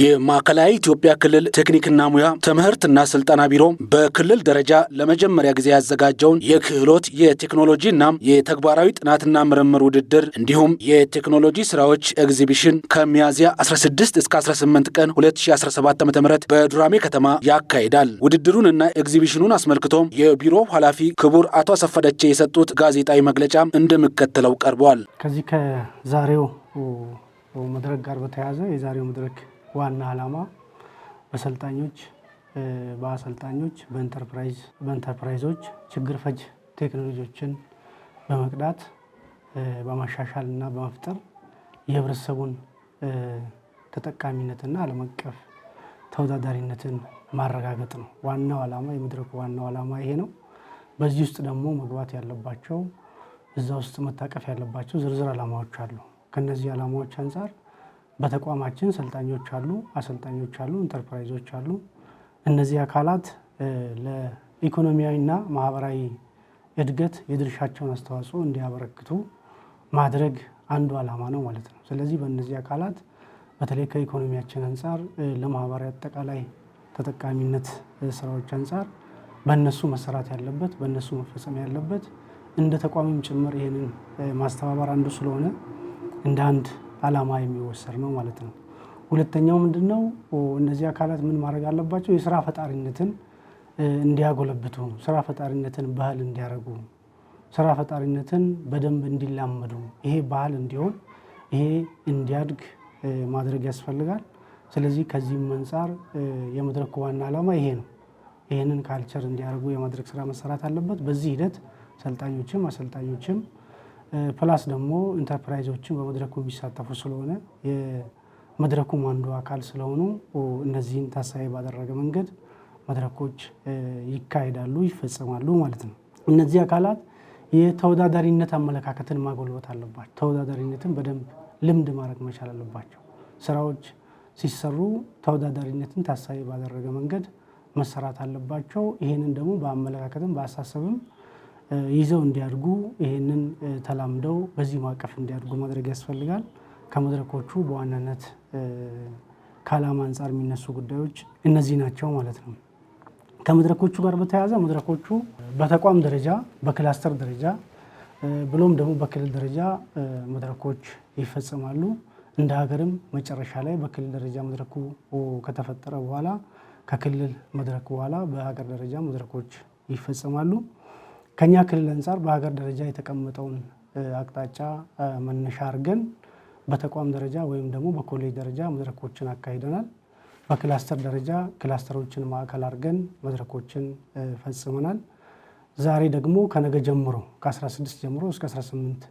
የማዕከላዊ ኢትዮጵያ ክልል ቴክኒክና ሙያ ትምህርትና ስልጠና ቢሮ በክልል ደረጃ ለመጀመሪያ ጊዜ ያዘጋጀውን የክህሎት የቴክኖሎጂና የተግባራዊ ጥናትና ምርምር ውድድር እንዲሁም የቴክኖሎጂ ስራዎች ኤግዚቢሽን ከሚያዝያ 16 እስከ 18 ቀን 2017 ዓ.ም በዱራሜ ከተማ ያካሂዳል። ውድድሩንና ኤግዚቢሽኑን አስመልክቶ የቢሮው ኃላፊ ክቡር አቶ አሰፈደቼ የሰጡት ጋዜጣዊ መግለጫ እንደሚከተለው ቀርቧል። ከዚህ ከዛሬው መድረክ ጋር በተያያዘ የዛሬው መድረክ ዋና ዓላማ በሰልጣኞች በአሰልጣኞች በኢንተርፕራይዞች ችግር ፈጅ ቴክኖሎጂዎችን በመቅዳት በማሻሻል እና በመፍጠር የህብረተሰቡን ተጠቃሚነትና ዓለም አቀፍ ተወዳዳሪነትን ማረጋገጥ ነው ዋናው ዓላማ። የመድረኩ ዋናው ዓላማ ይሄ ነው። በዚህ ውስጥ ደግሞ መግባት ያለባቸው እዛ ውስጥ መታቀፍ ያለባቸው ዝርዝር ዓላማዎች አሉ። ከእነዚህ ዓላማዎች አንጻር በተቋማችን ሰልጣኞች አሉ፣ አሰልጣኞች አሉ፣ ኢንተርፕራይዞች አሉ። እነዚህ አካላት ለኢኮኖሚያዊና ማህበራዊ እድገት የድርሻቸውን አስተዋጽኦ እንዲያበረክቱ ማድረግ አንዱ ዓላማ ነው ማለት ነው። ስለዚህ በእነዚህ አካላት በተለይ ከኢኮኖሚያችን አንጻር ለማህበራዊ አጠቃላይ ተጠቃሚነት ስራዎች አንጻር በእነሱ መሰራት ያለበት በእነሱ መፈጸም ያለበት እንደ ተቋምም ጭምር ይህንን ማስተባበር አንዱ ስለሆነ እንደ አንድ ዓላማ የሚወሰድ ነው ማለት ነው። ሁለተኛው ምንድን ነው? እነዚህ አካላት ምን ማድረግ አለባቸው? የስራ ፈጣሪነትን እንዲያጎለብቱ፣ ስራ ፈጣሪነትን ባህል እንዲያደርጉ፣ ስራ ፈጣሪነትን በደንብ እንዲላመዱ፣ ይሄ ባህል እንዲሆን፣ ይሄ እንዲያድግ ማድረግ ያስፈልጋል። ስለዚህ ከዚህም አንጻር የመድረክ ዋና ዓላማ ይሄ ነው። ይህንን ካልቸር እንዲያደርጉ የማድረግ ስራ መሰራት አለበት። በዚህ ሂደት ሰልጣኞችም አሰልጣኞችም ፕላስ ደግሞ ኢንተርፕራይዞችን በመድረኩ የሚሳተፉ ስለሆነ የመድረኩም አንዱ አካል ስለሆኑ እነዚህን ታሳቢ ባደረገ መንገድ መድረኮች ይካሄዳሉ፣ ይፈጸማሉ ማለት ነው። እነዚህ አካላት የተወዳዳሪነት አመለካከትን ማጎልበት አለባቸው። ተወዳዳሪነትን በደንብ ልምድ ማድረግ መቻል አለባቸው። ስራዎች ሲሰሩ ተወዳዳሪነትን ታሳቢ ባደረገ መንገድ መሰራት አለባቸው። ይህንን ደግሞ በአመለካከትም በአሳሰብም ይዘው እንዲያድጉ ይህንን ተላምደው በዚህ ማዕቀፍ እንዲያድጉ ማድረግ ያስፈልጋል። ከመድረኮቹ በዋናነት ከዓላማ አንጻር የሚነሱ ጉዳዮች እነዚህ ናቸው ማለት ነው። ከመድረኮቹ ጋር በተያያዘ መድረኮቹ በተቋም ደረጃ በክላስተር ደረጃ ብሎም ደግሞ በክልል ደረጃ መድረኮች ይፈጸማሉ። እንደ ሀገርም መጨረሻ ላይ በክልል ደረጃ መድረኩ ከተፈጠረ በኋላ ከክልል መድረክ በኋላ በሀገር ደረጃ መድረኮች ይፈጸማሉ። ከኛ ክልል አንጻር በሀገር ደረጃ የተቀመጠውን አቅጣጫ መነሻ አድርገን በተቋም ደረጃ ወይም ደግሞ በኮሌጅ ደረጃ መድረኮችን አካሂደናል። በክላስተር ደረጃ ክላስተሮችን ማዕከል አድርገን መድረኮችን ፈጽመናል። ዛሬ ደግሞ ከነገ ጀምሮ ከ16 ጀምሮ እስከ 18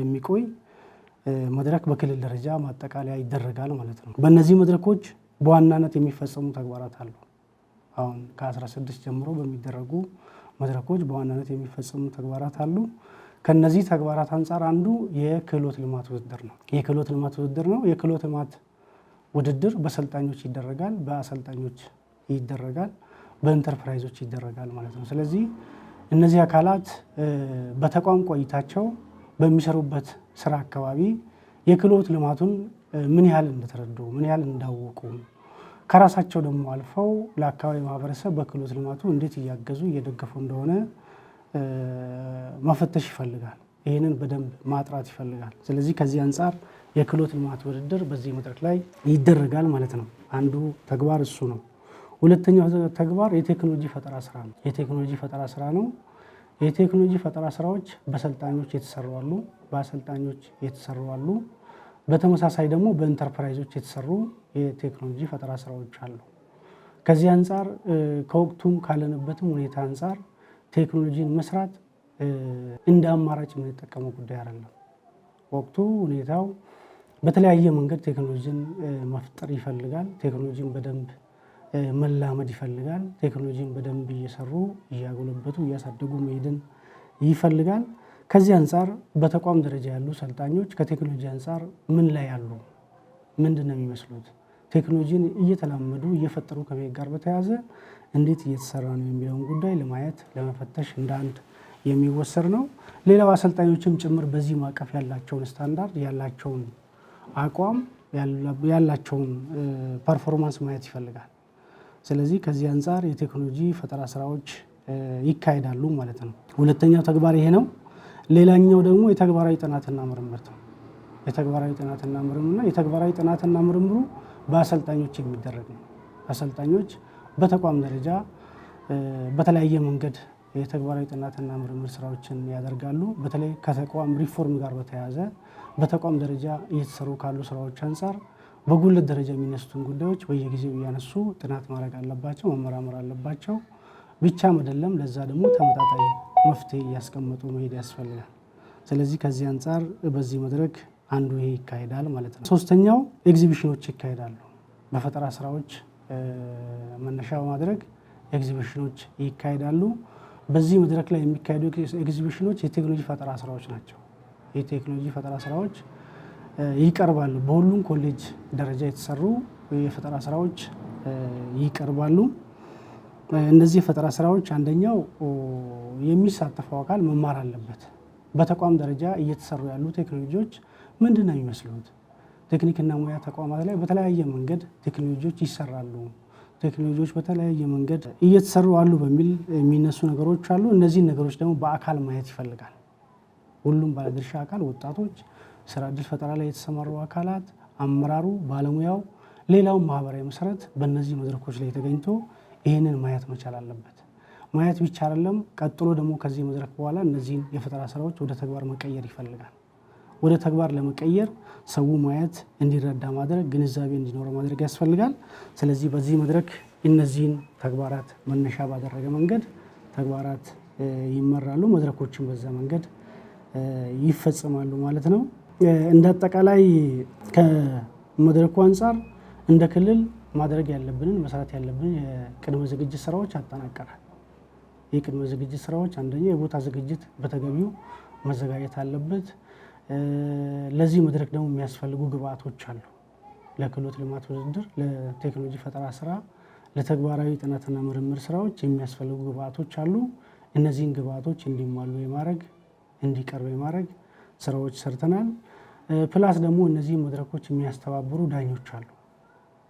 የሚቆይ መድረክ በክልል ደረጃ ማጠቃለያ ይደረጋል ማለት ነው። በእነዚህ መድረኮች በዋናነት የሚፈጸሙ ተግባራት አሉ። አሁን ከ16 ጀምሮ በሚደረጉ መድረኮች በዋናነት የሚፈጸሙ ተግባራት አሉ። ከነዚህ ተግባራት አንጻር አንዱ የክህሎት ልማት ውድድር ነው። የክህሎት ልማት ውድድር ነው። የክህሎት ልማት ውድድር በሰልጣኞች ይደረጋል፣ በአሰልጣኞች ይደረጋል፣ በኢንተርፕራይዞች ይደረጋል ማለት ነው። ስለዚህ እነዚህ አካላት በተቋም ቆይታቸው በሚሰሩበት ስራ አካባቢ የክህሎት ልማቱን ምን ያህል እንደተረዱ ምን ያህል እንዳወቁ ከራሳቸው ደግሞ አልፈው ለአካባቢ ማህበረሰብ በክህሎት ልማቱ እንዴት እያገዙ እየደገፉ እንደሆነ መፈተሽ ይፈልጋል። ይህንን በደንብ ማጥራት ይፈልጋል። ስለዚህ ከዚህ አንጻር የክህሎት ልማት ውድድር በዚህ መድረክ ላይ ይደረጋል ማለት ነው። አንዱ ተግባር እሱ ነው። ሁለተኛው ተግባር የቴክኖሎጂ ፈጠራ ስራ ነው። የቴክኖሎጂ ፈጠራ ስራ ነው። የቴክኖሎጂ ፈጠራ ስራዎች በሰልጣኞች የተሰሩ አሉ፣ በአሰልጣኞች የተሰሩ አሉ። በተመሳሳይ ደግሞ በኢንተርፕራይዞች የተሰሩ የቴክኖሎጂ ፈጠራ ስራዎች አሉ። ከዚህ አንጻር ከወቅቱም ካለንበትም ሁኔታ አንጻር ቴክኖሎጂን መስራት እንደ አማራጭ የምንጠቀመው ጉዳይ አይደለም። ወቅቱ ሁኔታው በተለያየ መንገድ ቴክኖሎጂን መፍጠር ይፈልጋል። ቴክኖሎጂን በደንብ መላመድ ይፈልጋል። ቴክኖሎጂን በደንብ እየሰሩ እያጎለበቱ እያሳደጉ መሄድን ይፈልጋል። ከዚህ አንጻር በተቋም ደረጃ ያሉ ሰልጣኞች ከቴክኖሎጂ አንጻር ምን ላይ ያሉ ምንድን ነው የሚመስሉት? ቴክኖሎጂን እየተላመዱ እየፈጠሩ ከመሄድ ጋር በተያያዘ እንዴት እየተሰራ ነው የሚለውን ጉዳይ ለማየት ለመፈተሽ እንደ አንድ የሚወሰድ ነው። ሌላው አሰልጣኞችም ጭምር በዚህ ማዕቀፍ ያላቸውን ስታንዳርድ ያላቸውን አቋም ያላቸውን ፐርፎርማንስ ማየት ይፈልጋል። ስለዚህ ከዚህ አንጻር የቴክኖሎጂ ፈጠራ ስራዎች ይካሄዳሉ ማለት ነው። ሁለተኛው ተግባር ይሄ ነው። ሌላኛው ደግሞ የተግባራዊ ጥናትና ምርምር ነው። የተግባራዊ ጥናትና ምርምርና የተግባራዊ ጥናትና ምርምሩ በአሰልጣኞች የሚደረግ ነው። አሰልጣኞች በተቋም ደረጃ በተለያየ መንገድ የተግባራዊ ጥናትና ምርምር ስራዎችን ያደርጋሉ። በተለይ ከተቋም ሪፎርም ጋር በተያያዘ በተቋም ደረጃ እየተሰሩ ካሉ ስራዎች አንጻር በጉልት ደረጃ የሚነሱትን ጉዳዮች በየጊዜው እያነሱ ጥናት ማድረግ አለባቸው፣ መመራመር አለባቸው። ብቻ መደለም ለዛ ደግሞ ተመጣጣኝ መፍትሄ እያስቀመጡ መሄድ ያስፈልጋል። ስለዚህ ከዚህ አንጻር በዚህ መድረክ አንዱ ይሄ ይካሄዳል ማለት ነው። ሶስተኛው ኤግዚቢሽኖች ይካሄዳሉ። በፈጠራ ስራዎች መነሻ በማድረግ ኤግዚቢሽኖች ይካሄዳሉ። በዚህ መድረክ ላይ የሚካሄዱ ኤግዚቢሽኖች የቴክኖሎጂ ፈጠራ ስራዎች ናቸው። የቴክኖሎጂ ፈጠራ ስራዎች ይቀርባሉ። በሁሉም ኮሌጅ ደረጃ የተሰሩ የፈጠራ ስራዎች ይቀርባሉ። እነዚህ የፈጠራ ስራዎች አንደኛው የሚሳተፈው አካል መማር አለበት። በተቋም ደረጃ እየተሰሩ ያሉ ቴክኖሎጂዎች ምንድን ነው የሚመስሉት? ቴክኒክና ሙያ ተቋማት ላይ በተለያየ መንገድ ቴክኖሎጂዎች ይሰራሉ። ቴክኖሎጂዎች በተለያየ መንገድ እየተሰሩ አሉ በሚል የሚነሱ ነገሮች አሉ። እነዚህን ነገሮች ደግሞ በአካል ማየት ይፈልጋል። ሁሉም ባለድርሻ አካል፣ ወጣቶች፣ ስራ እድል ፈጠራ ላይ የተሰማሩ አካላት፣ አመራሩ፣ ባለሙያው፣ ሌላውን ማህበራዊ መሰረት በእነዚህ መድረኮች ላይ ተገኝቶ ይህንን ማየት መቻል አለበት። ማየት ብቻ አይደለም፣ ቀጥሎ ደግሞ ከዚህ መድረክ በኋላ እነዚህን የፈጠራ ስራዎች ወደ ተግባር መቀየር ይፈልጋል። ወደ ተግባር ለመቀየር ሰው ማየት እንዲረዳ ማድረግ፣ ግንዛቤ እንዲኖረው ማድረግ ያስፈልጋል። ስለዚህ በዚህ መድረክ እነዚህን ተግባራት መነሻ ባደረገ መንገድ ተግባራት ይመራሉ፣ መድረኮችን በዛ መንገድ ይፈጽማሉ ማለት ነው። እንደ አጠቃላይ ከመድረኩ አንጻር እንደ ክልል ማድረግ ያለብንን መስራት ያለብንን የቅድመ ዝግጅት ስራዎች አጠናቀናል። የቅድመ ዝግጅት ስራዎች አንደኛ የቦታ ዝግጅት በተገቢው መዘጋጀት አለበት። ለዚህ መድረክ ደግሞ የሚያስፈልጉ ግብአቶች አሉ። ለክህሎት ልማት ውድድር፣ ለቴክኖሎጂ ፈጠራ ስራ፣ ለተግባራዊ ጥናትና ምርምር ስራዎች የሚያስፈልጉ ግብአቶች አሉ። እነዚህን ግብአቶች እንዲሟሉ የማድረግ እንዲቀርብ የማድረግ ስራዎች ሰርተናል። ፕላስ ደግሞ እነዚህ መድረኮች የሚያስተባብሩ ዳኞች አሉ።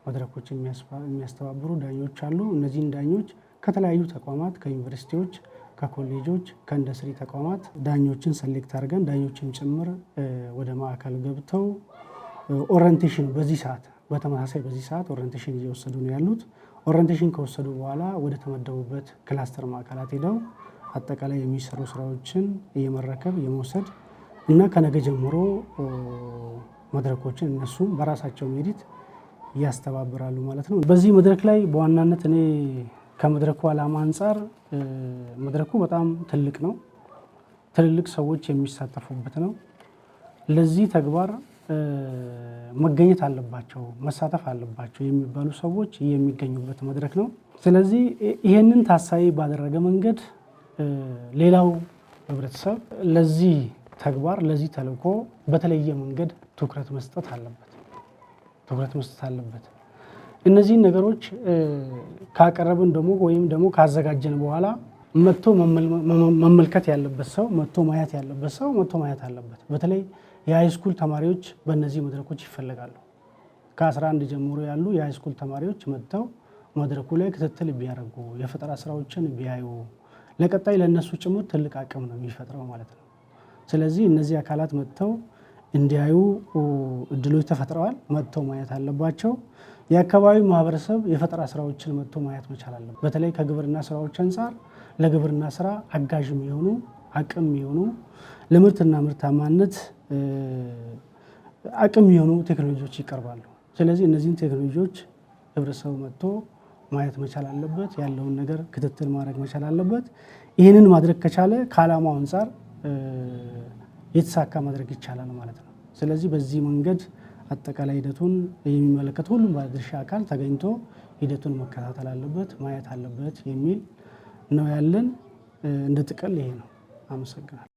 መድረኮች የሚያስተባብሩ ዳኞች አሉ። እነዚህን ዳኞች ከተለያዩ ተቋማት ከዩኒቨርሲቲዎች ከኮሌጆች ከኢንዱስትሪ ተቋማት ዳኞችን ሰሌክት አድርገን ዳኞችን ጭምር ወደ ማዕከል ገብተው ኦሪንቴሽን በዚህ ሰዓት በተመሳሳይ በዚህ ሰዓት ኦሪንቴሽን እየወሰዱ ነው ያሉት። ኦሪንቴሽን ከወሰዱ በኋላ ወደ ተመደቡበት ክላስተር ማዕከላት ሄደው አጠቃላይ የሚሰሩ ስራዎችን እየመረከብ የመውሰድ እና ከነገ ጀምሮ መድረኮችን እነሱም በራሳቸው ሜሪት ያስተባብራሉ ማለት ነው። በዚህ መድረክ ላይ በዋናነት እኔ ከመድረኩ ዓላማ አንጻር መድረኩ በጣም ትልቅ ነው። ትልልቅ ሰዎች የሚሳተፉበት ነው። ለዚህ ተግባር መገኘት አለባቸው፣ መሳተፍ አለባቸው የሚባሉ ሰዎች የሚገኙበት መድረክ ነው። ስለዚህ ይህንን ታሳቢ ባደረገ መንገድ ሌላው ህብረተሰብ ለዚህ ተግባር ለዚህ ተልኮ በተለየ መንገድ ትኩረት መስጠት አለበት ትኩረት መስጠት አለበት። እነዚህን ነገሮች ካቀረብን ደግሞ ወይም ደግሞ ካዘጋጀን በኋላ መጥቶ መመልከት ያለበት ሰው መጥቶ ማየት ያለበት ሰው መጥቶ ማየት አለበት። በተለይ የሃይስኩል ተማሪዎች በእነዚህ መድረኮች ይፈለጋሉ። ከ11 ጀምሮ ያሉ የሃይስኩል ተማሪዎች መጥተው መድረኩ ላይ ክትትል ቢያደርጉ የፈጠራ ስራዎችን ቢያዩ ለቀጣይ ለእነሱ ጭምር ትልቅ አቅም ነው የሚፈጥረው ማለት ነው። ስለዚህ እነዚህ አካላት መጥተው እንዲያዩ እድሎች ተፈጥረዋል። መጥቶ ማየት አለባቸው። የአካባቢው ማህበረሰብ የፈጠራ ስራዎችን መጥቶ ማየት መቻል አለበት። በተለይ ከግብርና ስራዎች አንጻር ለግብርና ስራ አጋዥ የሚሆኑ አቅም የሆኑ ለምርትና ምርታማነት አቅም የሆኑ ቴክኖሎጂዎች ይቀርባሉ። ስለዚህ እነዚህን ቴክኖሎጂዎች ህብረተሰቡ መጥቶ ማየት መቻል አለበት። ያለውን ነገር ክትትል ማድረግ መቻል አለበት። ይህንን ማድረግ ከቻለ ከዓላማው አንጻር የተሳካ ማድረግ ይቻላል ማለት ነው። ስለዚህ በዚህ መንገድ አጠቃላይ ሂደቱን የሚመለከት ሁሉም ባለድርሻ አካል ተገኝቶ ሂደቱን መከታተል አለበት፣ ማየት አለበት የሚል ነው ያለን። እንደ ጥቅል ይሄ ነው። አመሰግናል።